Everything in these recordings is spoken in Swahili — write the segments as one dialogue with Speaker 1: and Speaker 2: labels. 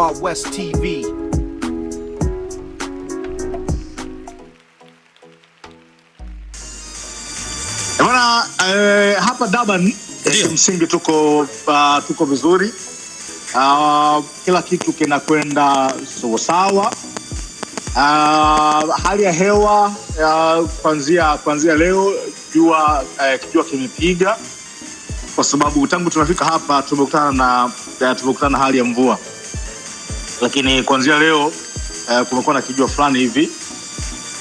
Speaker 1: Wild West TV. Bwana, eh, hapa Durban eh, kimsingi tuko uh, tuko vizuri uh, kila kitu kinakwenda sawasawa. Uh, hali ya hewa uh, kuanzia leo jua uh, kimepiga kwa sababu tangu tunafika hapa tumekutana na eh, tumekutana na hali ya mvua lakini kuanzia leo uh, kumekuwa na kijua fulani hivi,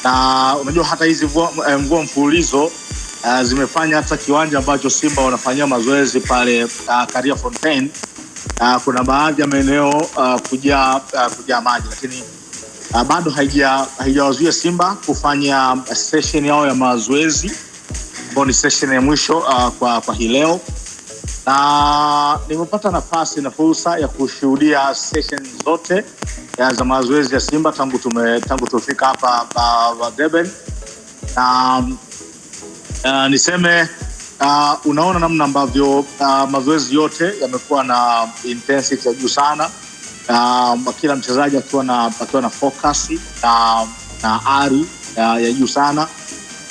Speaker 1: na unajua hata hizi mvua, eh, mfululizo uh, zimefanya hata kiwanja ambacho Simba wanafanyia mazoezi pale uh, Karia fontain uh, kuna baadhi ya maeneo uh, kuja uh, kuja maji, lakini uh, bado haijawazuia Simba kufanya seshen yao ya mazoezi ambao ni seshen ya mwisho uh, kwa, kwa hii leo na nimepata nafasi na fursa ya kushuhudia session zote za mazoezi ya Simba tangu tume, tangu tufika hapa Deben na uh, niseme uh, unaona namna ambavyo uh, mazoezi yote yamekuwa na intensity ya juu sana uh, kila mchezaji akiwa na akiwa na focus na, na ari uh, ya juu sana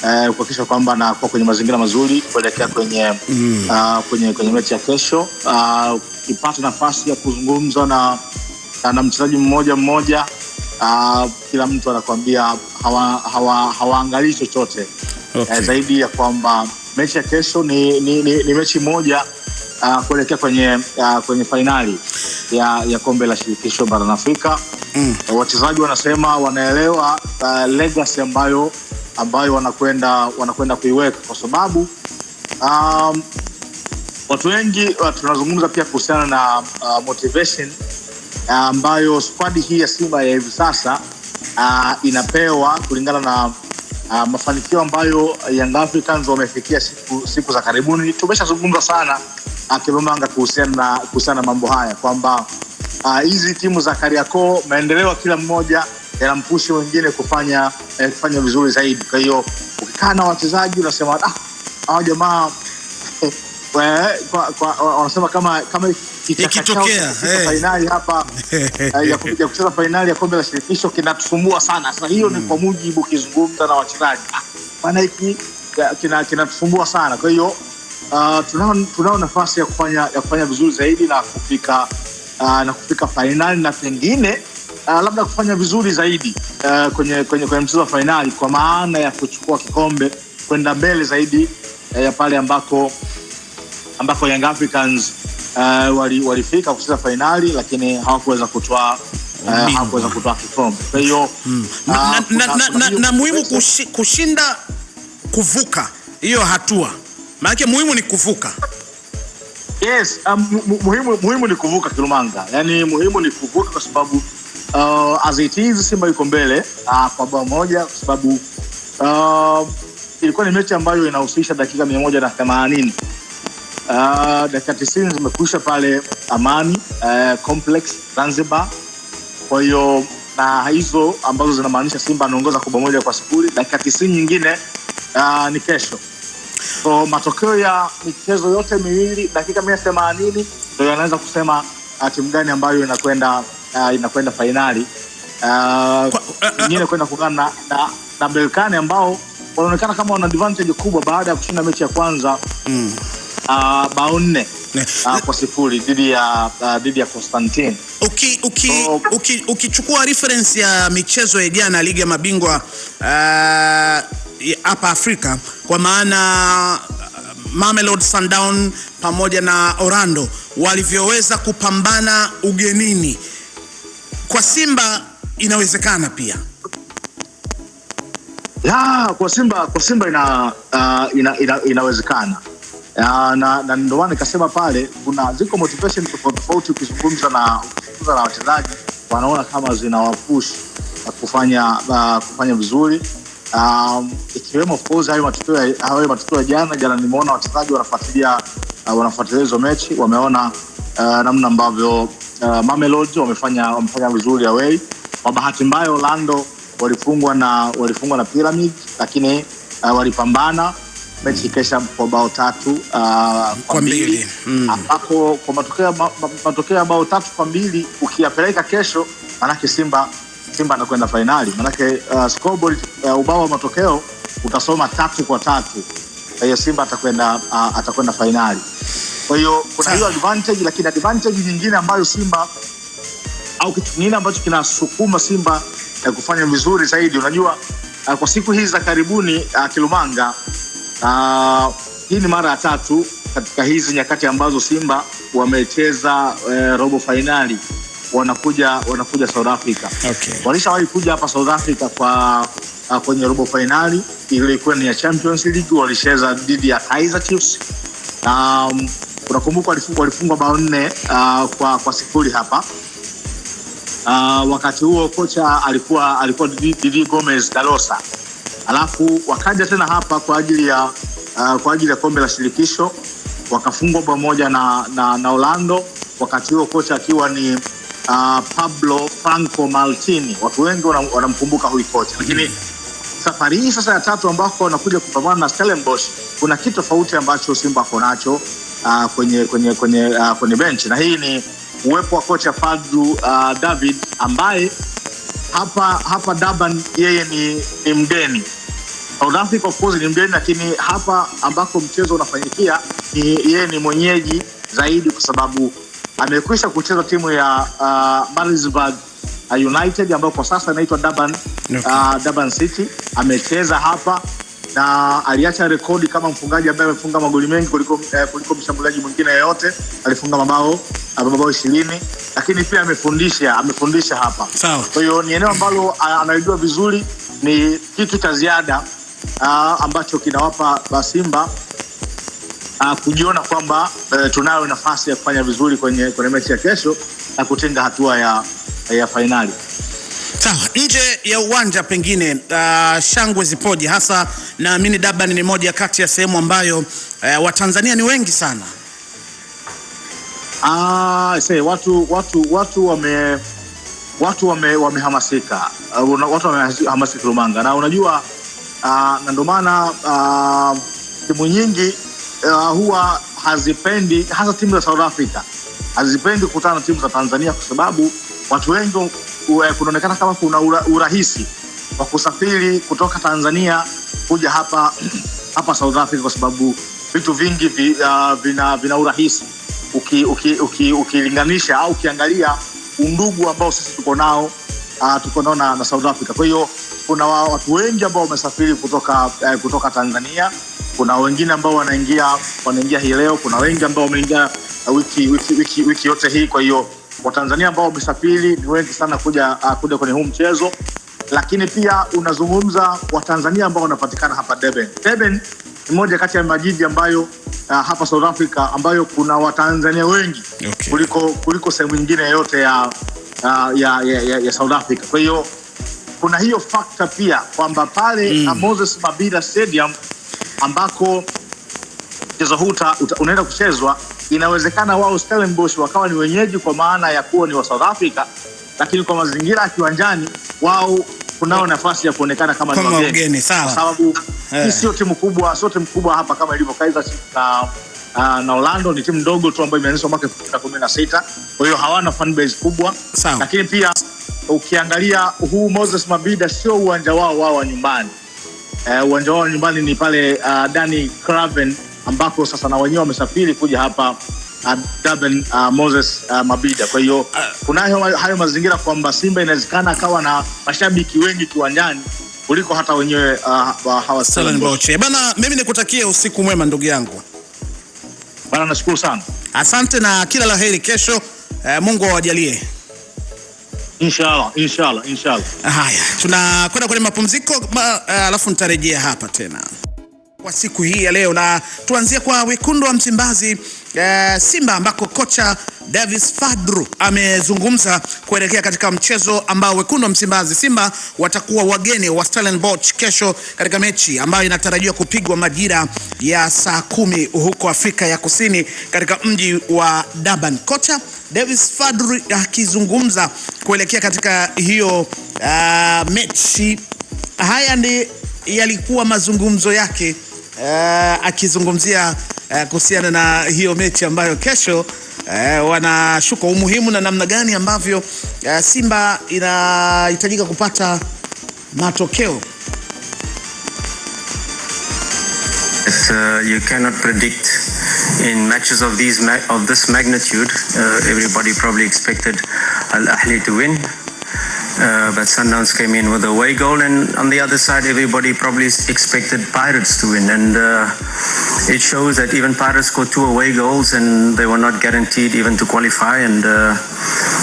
Speaker 1: eh, kuhakikisha kwamba anakuwa kwenye mazingira mazuri kuelekea kwenye, mm. uh, kwenye kwenye mechi ya kesho uh, nafasi ya kuzungumza na, na mchezaji mmoja mmoja uh, kila mtu anakuambia hawaangalii hawa, hawa chochote eh, okay. eh, zaidi ya kwamba mechi ya kesho ni, ni, ni, ni mechi moja uh, kuelekea kwenye, uh, kwenye fainali ya, ya kombe la shirikisho barani Afrika mm. wachezaji wanasema wanaelewa uh, legacy ambayo ambayo wanakwenda wanakwenda kuiweka kwa sababu um, watu wengi uh, tunazungumza pia kuhusiana na uh, motivation uh, ambayo uh, squad hii ya Simba ya hivi sasa uh, inapewa kulingana na uh, mafanikio ambayo Young Africans wamefikia siku, siku za karibuni. Tumeshazungumza sana akimamanga uh, kuhusiana na kuhusiana mambo haya kwamba uh, hizi uh, timu za Kariakoo maendeleo kila mmoja yanampushi wengine kufanya eh, kufanya vizuri zaidi. Kwa hiyo ukikaa na wachezaji unasema ah, hawa jamaa eh, wanasema kama kama
Speaker 2: ikitokea eh.
Speaker 1: fainali hapa eh, ya kucheza fainali ya kombe la shirikisho kinatusumbua sana. Sasa hiyo ni mm. kwa mujibu ukizungumza na wachezaji, ah, maana hiki kinatusumbua sana. Kwa hiyo ah, tunao nafasi ya kufanya ya kufanya vizuri zaidi na kufika ah, na kufika fainali na pengine uh, labda kufanya vizuri zaidi uh, kwenye, kwenye, kwenye mchezo wa fainali kwa maana ya kuchukua kikombe kwenda mbele zaidi uh, ya pale ambako ambako Young Africans uh, walifika wali kucheza fainali lakini hawakuweza kutoa hawakuweza kutoa kikombe. Kwa hiyo hmm.
Speaker 2: ah, na, muhimu kushi, kushinda kuvuka hiyo hatua, maanake muhimu ni kuvuka.
Speaker 1: Yes, um, muhimu, muhimu ni kuvuka Kilumanga, yaani muhimu ni kuvuka kwa sababu uh, as it is Simba yuko mbele uh, kwa bao moja kwa sababu uh, ilikuwa ni mechi ambayo inahusisha dakika mia moja na themanini uh, dakika tisini zimekwisha pale Amani uh, Complex Zanzibar. Kwa hiyo na hizo ambazo zinamaanisha Simba anaongoza kwa bao moja kwa sifuri. Dakika tisini nyingine uh, ni kesho so matokeo ya michezo yote miwili dakika mia themanini ndo yanaweza kusema uh, timu gani ambayo inakwenda uh, inakwenda fainali ah, eh, eh, nyingine uh, kwenda kuungana na, na, na Berkane ambao wanaonekana kama wana advantage kubwa baada ya kushinda mechi ya kwanza mm. uh, bao nne uh, kwa sifuri dhidi ya uh, dhidi ya konstantin
Speaker 2: Ukichukua uki, so, uki, reference ya michezo ya jana ligi ya mabingwa hapa uh, Afrika kwa maana Mamelodi Sundown pamoja na Orlando walivyoweza kupambana ugenini kwa Simba inawezekana pia
Speaker 1: ya, kwa Simba kwa Simba ina, uh, ina, ina, inawezekana ya, na, na ndio maana nikasema pale kuna ziko motivation tofauti tofauti, ukizungumza na ukizungumza na wachezaji wanaona kama zinawapush kufanya uh, kufanya vizuri um, ikiwemo of course hayo matokeo hayo matokeo ya jana jana, nimeona wachezaji wanafuatilia uh, wanafuatilia hizo mechi wameona uh, namna ambavyo Uh, Mamelodi wamefanya wamefanya vizuri away. Kwa bahati mbaya Orlando walifungwa na walifungwa na Pyramid, lakini uh, walipambana mechi ikaisha kwa bao tatu uh, kwa mbili ambapo mm. kwa matokeo matokeo ya bao tatu kwa mbili ukiyapeleka kesho, manake Simba Simba anakwenda fainali, manake uh, scoreboard uh, ubao wa matokeo utasoma tatu kwa tatu. Kwa hiyo Simba atakwenda uh, atakwenda fainali. Kwa hiyo kuna hiyo advantage, lakini advantage nyingine ambayo Simba au kitu kingine ambacho kinasukuma Simba ya eh, kufanya vizuri zaidi, unajua uh, kwa siku hizi za karibuni uh, Kilumanga uh, hii ni mara ya tatu katika hizi nyakati ambazo Simba wamecheza uh, robo fainali wanakuja wanakuja South Africa. Okay. Walishawahi kuja hapa South Africa kwa uh, kwenye robo fainali ilikuwa ni ya Champions League, walicheza dhidi ya Kaizer Chiefs. Um, Unakumbuka walifungwa bao nne uh, kwa, kwa sifuri hapa uh, wakati huo kocha alikuwa alikuwa Didi Gomez Dalosa, alafu wakaja tena hapa kwa ajili ya uh, kwa ajili ya kombe la shirikisho wakafungwa pamoja na, na, na Orlando wakati huo kocha akiwa ni uh, Pablo Franco Maltini. Watu wengi wanamkumbuka huyu kocha, lakini safari hii sasa ya tatu ambako wanakuja kupambana na Stellenbosch, kuna kitu tofauti ambacho Simba ako nacho uh, kwenye kwenye kwenye uh, kwenye benchi, na hii ni uwepo wa kocha Fadlu uh, David ambaye hapa hapa Durban yeye ni, ni mgeni South Africa of course ni mgeni, lakini hapa ambako mchezo unafanyikia ni yeye ni mwenyeji zaidi, kwa sababu amekwisha kucheza timu ya uh, Maritzburg United ambayo kwa sasa inaitwa Durban, okay. uh, Durban City amecheza hapa na aliacha rekodi kama mfungaji ambaye amefunga magoli mengi kuliko, eh, kuliko mshambuliaji mwingine yeyote. Alifunga mabao eh, mabao ishirini, lakini pia amefundisha amefundisha hapa. Kwa hiyo ni eneo ambalo anajua vizuri, ni kitu cha ziada uh, ambacho kinawapa Simba uh, kujiona kwamba uh, tunayo nafasi ya kufanya vizuri kwenye, kwenye mechi ya kesho na kutinga hatua ya, ya fainali.
Speaker 2: Sawa, nje ya uwanja pengine, uh, shangwe zipoje? Hasa naamini Durban ni moja kati ya sehemu ambayo uh, Watanzania ni wengi sana.
Speaker 1: Ah, say, watu watu watu wame watu wame wamehamasika uh, watu wamehamasika Rumanga na unajua uh, na ndio maana uh, timu uh, nyingi uh, huwa hazipendi hasa timu za South Africa hazipendi kukutana na timu za Tanzania kwa sababu watu wengi kunaonekana kama kuna ura, urahisi wa kusafiri kutoka Tanzania kuja hapa hapa South Africa kwa sababu vitu vingi vi, uh, vina, vina urahisi ukilinganisha uki, uki, uki au ukiangalia undugu ambao sisi tuko nao uh, tuko nao na, na South Africa. Kwa hiyo kuna watu wengi ambao wamesafiri kutoka, uh, kutoka Tanzania. Kuna wengine ambao wanaingia wanaingia hii leo, kuna wengi ambao wameingia uh, wiki, wiki, wiki, wiki yote hii, kwa hiyo Watanzania ambao wamesafiri ni wengi sana kuja, uh, kuja kwenye huu mchezo, lakini pia unazungumza Watanzania ambao wanapatikana hapa Deben. Deben ni moja kati ya majiji ambayo uh, hapa South Africa ambayo kuna Watanzania wengi okay, kuliko, kuliko sehemu nyingine yoyote ya, uh, ya, ya, ya, ya South Africa. Kwa hiyo kuna hiyo fakta pia kwamba pale mm, Moses Mabhida Stadium ambako mchezo huu unaenda kuchezwa, inawezekana wao Stellenbosch wakawa ni wenyeji kwa maana ya kuwa ni wa South Africa, lakini kwa mazingira ya kiwanjani wao kunao nafasi ya kuonekana kama
Speaker 2: ni wageni, kwa sababu
Speaker 1: eh. hii sio timu kubwa, sio timu kubwa hapa kama ilivyo Kaizer Chiefs na Uh, na Orlando ni timu ndogo tu ambayo imeanzishwa mwaka 2016, kwa hiyo hawana fan base kubwa. Sawa. Lakini pia ukiangalia huu Moses Mabida sio uwanja wao wao wa nyumbani. Uh, uwanja wao wa nyumbani ni pale uh, Danny Craven ambako sasa na wenyewe wamesafiri kuja hapa uh, uh, Moses uh, Mabida. Kwa hiyo kunayo hayo mazingira kwamba Simba inawezekana akawa na mashabiki wengi kiwanjani kuliko hata wenyewe uh,
Speaker 2: Bana, mimi nikutakie usiku mwema ndugu yangu.
Speaker 1: Bana, nashukuru sana,
Speaker 2: asante na kila la heri kesho. Uh, Mungu awajalie
Speaker 1: Inshallah, inshallah, inshallah.
Speaker 2: Haya, tunakwenda kwenye mapumziko, eh, alafu nitarejea hapa tena kwa siku hii ya leo, na tuanzie kwa wekundu wa Msimbazi e, Simba ambako kocha Davis Fadru amezungumza kuelekea katika mchezo ambao wekundu wa Msimbazi Simba watakuwa wageni wa Stellenbosch kesho katika mechi ambayo inatarajiwa kupigwa majira ya saa kumi huko Afrika ya Kusini katika mji wa Durban. Kocha Davis Fadru akizungumza kuelekea katika hiyo uh, mechi. Haya ndi yalikuwa mazungumzo yake uh, akizungumzia uh, kuhusiana na hiyo mechi ambayo kesho uh, wanashuka umuhimu na namna gani ambavyo uh, Simba inahitajika kupata matokeo.
Speaker 3: Yes, uh, you cannot predict in matches of these ma of this magnitude uh, everybody probably expected Al Ahli to win Uh, but Sundowns came in with a away goal, and on the other side, everybody probably expected Pirates to win, and uh, it shows that even Pirates scored two away goals, and they were not guaranteed even to qualify, and uh,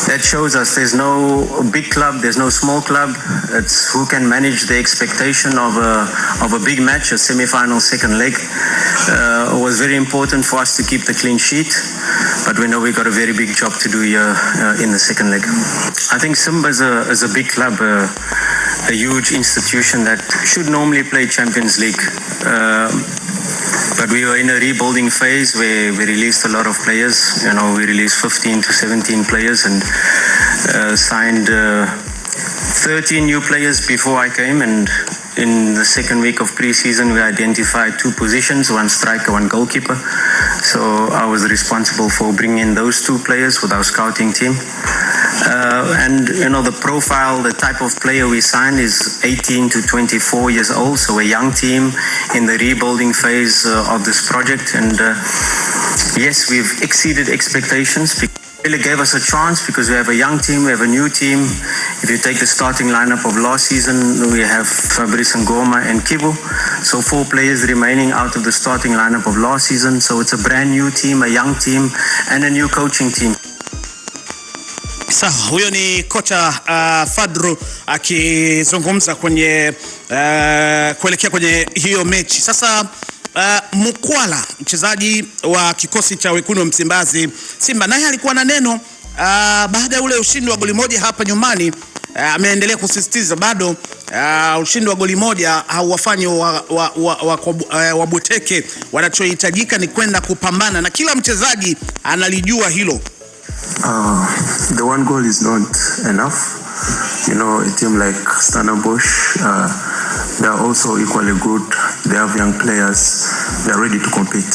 Speaker 3: that shows us there's no big club, there's no small club. It's who can manage the expectation of a of a big match, a semi-final second leg. Uh, was very important for us to keep the clean sheet but we know we've got a very big job to do here uh, in the second leg. I think Simba is a, is a big club, uh, a huge institution that should normally play Champions League um, but we were in a rebuilding phase where we released a lot of players. You know, we released 15 to 17 players and uh, signed uh, 13 new players before I came. And in the second week of pre-season, we identified two positions: one striker, one goalkeeper. So I was responsible for bringing those two players with our scouting team. Uh, and you know the profile, the type of player we signed is 18 to 24 years old, so a young team in the rebuilding phase uh, of this project. And uh, yes, we've exceeded expectations. Because really gave us a chance because we have a young team, we have a new team. If you take the starting lineup of last season, we have Fabrice Ngoma and Kibu. So four players remaining out of the starting lineup of last season. So it's a brand new team, a young team, and a new coaching team.
Speaker 2: Sawa, huyo ni kocha uh, Fadru akizungumza kwenye uh, kuelekea kwenye hiyo mechi sasa uh, eh, Mukwala mchezaji wa kikosi cha wekundu wa Msimbazi Simba, naye alikuwa na neno uh, baada ya ule ushindi wa goli moja hapa nyumbani eh, ameendelea uh, kusisitiza bado uh, ushindi wa goli moja hauwafanyi wabweteke wa, wa, wa, wa wanachohitajika ni kwenda kupambana, na kila mchezaji analijua hilo.
Speaker 4: Uh, the one goal is not enough. You know, a team like Stellenbosch, uh, They are also equally good. They have young players. They are ready to compete.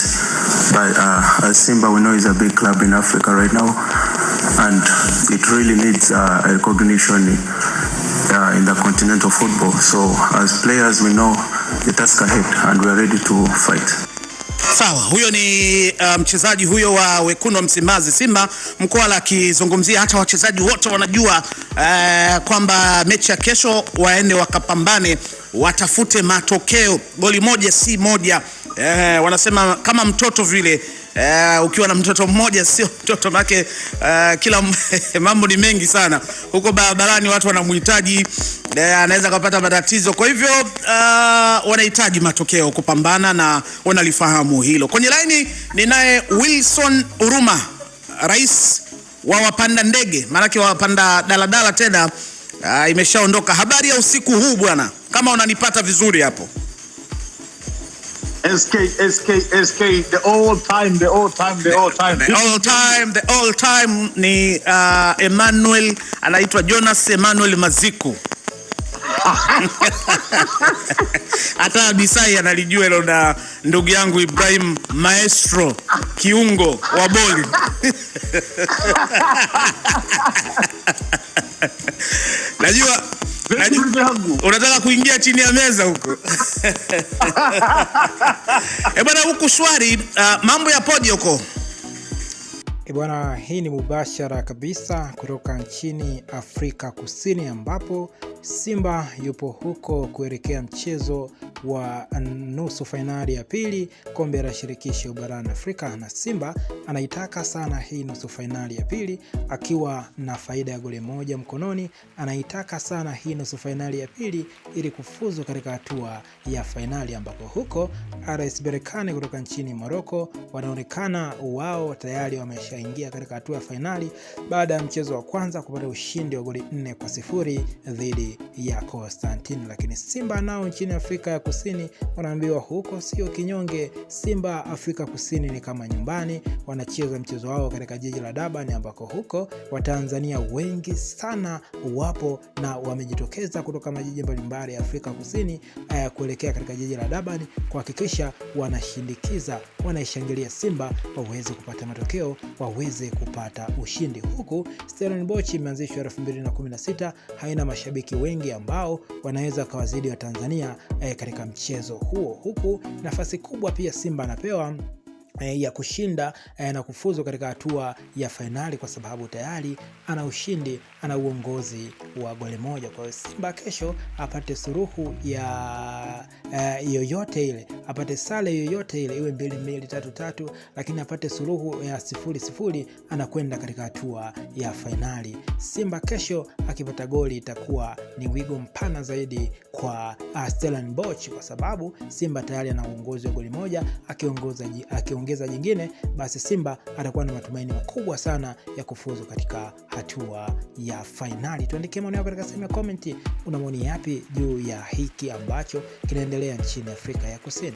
Speaker 4: But uh, as Simba, we know is a big club in Africa right now, and it really needs uh, recognition uh, in the continent of football. So as players, we know the task ahead, and we are ready to fight.
Speaker 2: Sawa, huyo ni uh, mchezaji um, huyo wa wekundu wa Msimbazi Simba Mkwala akizungumzia hata wachezaji wote wanajua uh, kwamba mechi ya kesho waende wakapambane watafute matokeo. Goli moja si moja eh, wanasema kama mtoto vile eh, ukiwa na mtoto mmoja sio mtoto make eh, kila mambo ni mengi sana huko barabarani, watu wanamhitaji eh, anaweza kapata matatizo. Kwa hivyo eh, wanahitaji matokeo kupambana na wanalifahamu hilo. Kwenye laini ninaye Wilson Uruma, rais wa wapanda ndege, maanake wapanda daladala tena, eh, imeshaondoka. Habari ya usiku huu bwana? kama unanipata vizuri hapo.
Speaker 5: SK, SK, SK, the all time, the all time, the all time.
Speaker 2: The all time, the all time ni uh, Emmanuel anaitwa Jonas Emmanuel Maziku. Hata Abisai analijua hilo na ndugu yangu Ibrahim Maestro kiungo wa boli. Najua Yaani, yaani, unataka kuingia chini ya meza huko e bwana, huku shwari. Uh, ah, mambo ya podi huko
Speaker 6: e bwana? Hii ni mubashara kabisa kutoka nchini Afrika Kusini ambapo Simba yupo huko kuelekea mchezo wa nusu fainali ya pili kombe la shirikisho barani Afrika, na Simba anaitaka sana hii nusu fainali ya pili akiwa na faida ya goli moja mkononi. Anaitaka sana hii nusu fainali ya pili ili kufuzu katika hatua ya fainali, ambapo huko RS Berkane kutoka nchini Moroko wanaonekana wao tayari wameshaingia katika hatua ya fainali baada ya mchezo wa kwanza kupata ushindi wa goli nne kwa sifuri dhidi ya Konstantin. lakini Simba nao nchini Afrika ya Kusini wanaambiwa huko sio kinyonge. Simba Afrika Kusini ni kama nyumbani, wanacheza mchezo wao katika jiji la Durban, ambako huko Watanzania wengi sana wapo na wamejitokeza kutoka majiji mbalimbali ya Afrika Kusini eh, kuelekea katika jiji la Durban kuhakikisha wanashindikiza, wanaishangilia Simba waweze kupata matokeo, waweze kupata ushindi. Huku Stellenbosch imeanzishwa 2016 haina mashabiki wengi ambao wanaweza wakawazidi Watanzania eh, katika mchezo huo, huku nafasi kubwa pia Simba anapewa Eh, ya kushinda eh, na kufuzu katika hatua ya fainali kwa sababu tayari ana ushindi, ana uongozi wa goli moja. Kwa hiyo Simba kesho apate suruhu ya uh, yoyote ile, apate sare yoyote ile, iwe mbili mbili tatu tatu, lakini apate suruhu ya sifuri sifuri, anakwenda katika hatua ya fainali. Simba kesho akipata goli itakuwa ni wigo mpana zaidi kwa uh, Stellenbosch kwa sababu Simba tayari ana uongozi wa goli moja akiongoza kuongeza jingine, basi Simba atakuwa na matumaini makubwa sana ya kufuzu katika hatua ya fainali. Tuandikie maoni yako katika sehemu ya komenti. Una maoni yapi juu ya hiki ambacho kinaendelea nchini Afrika ya Kusini?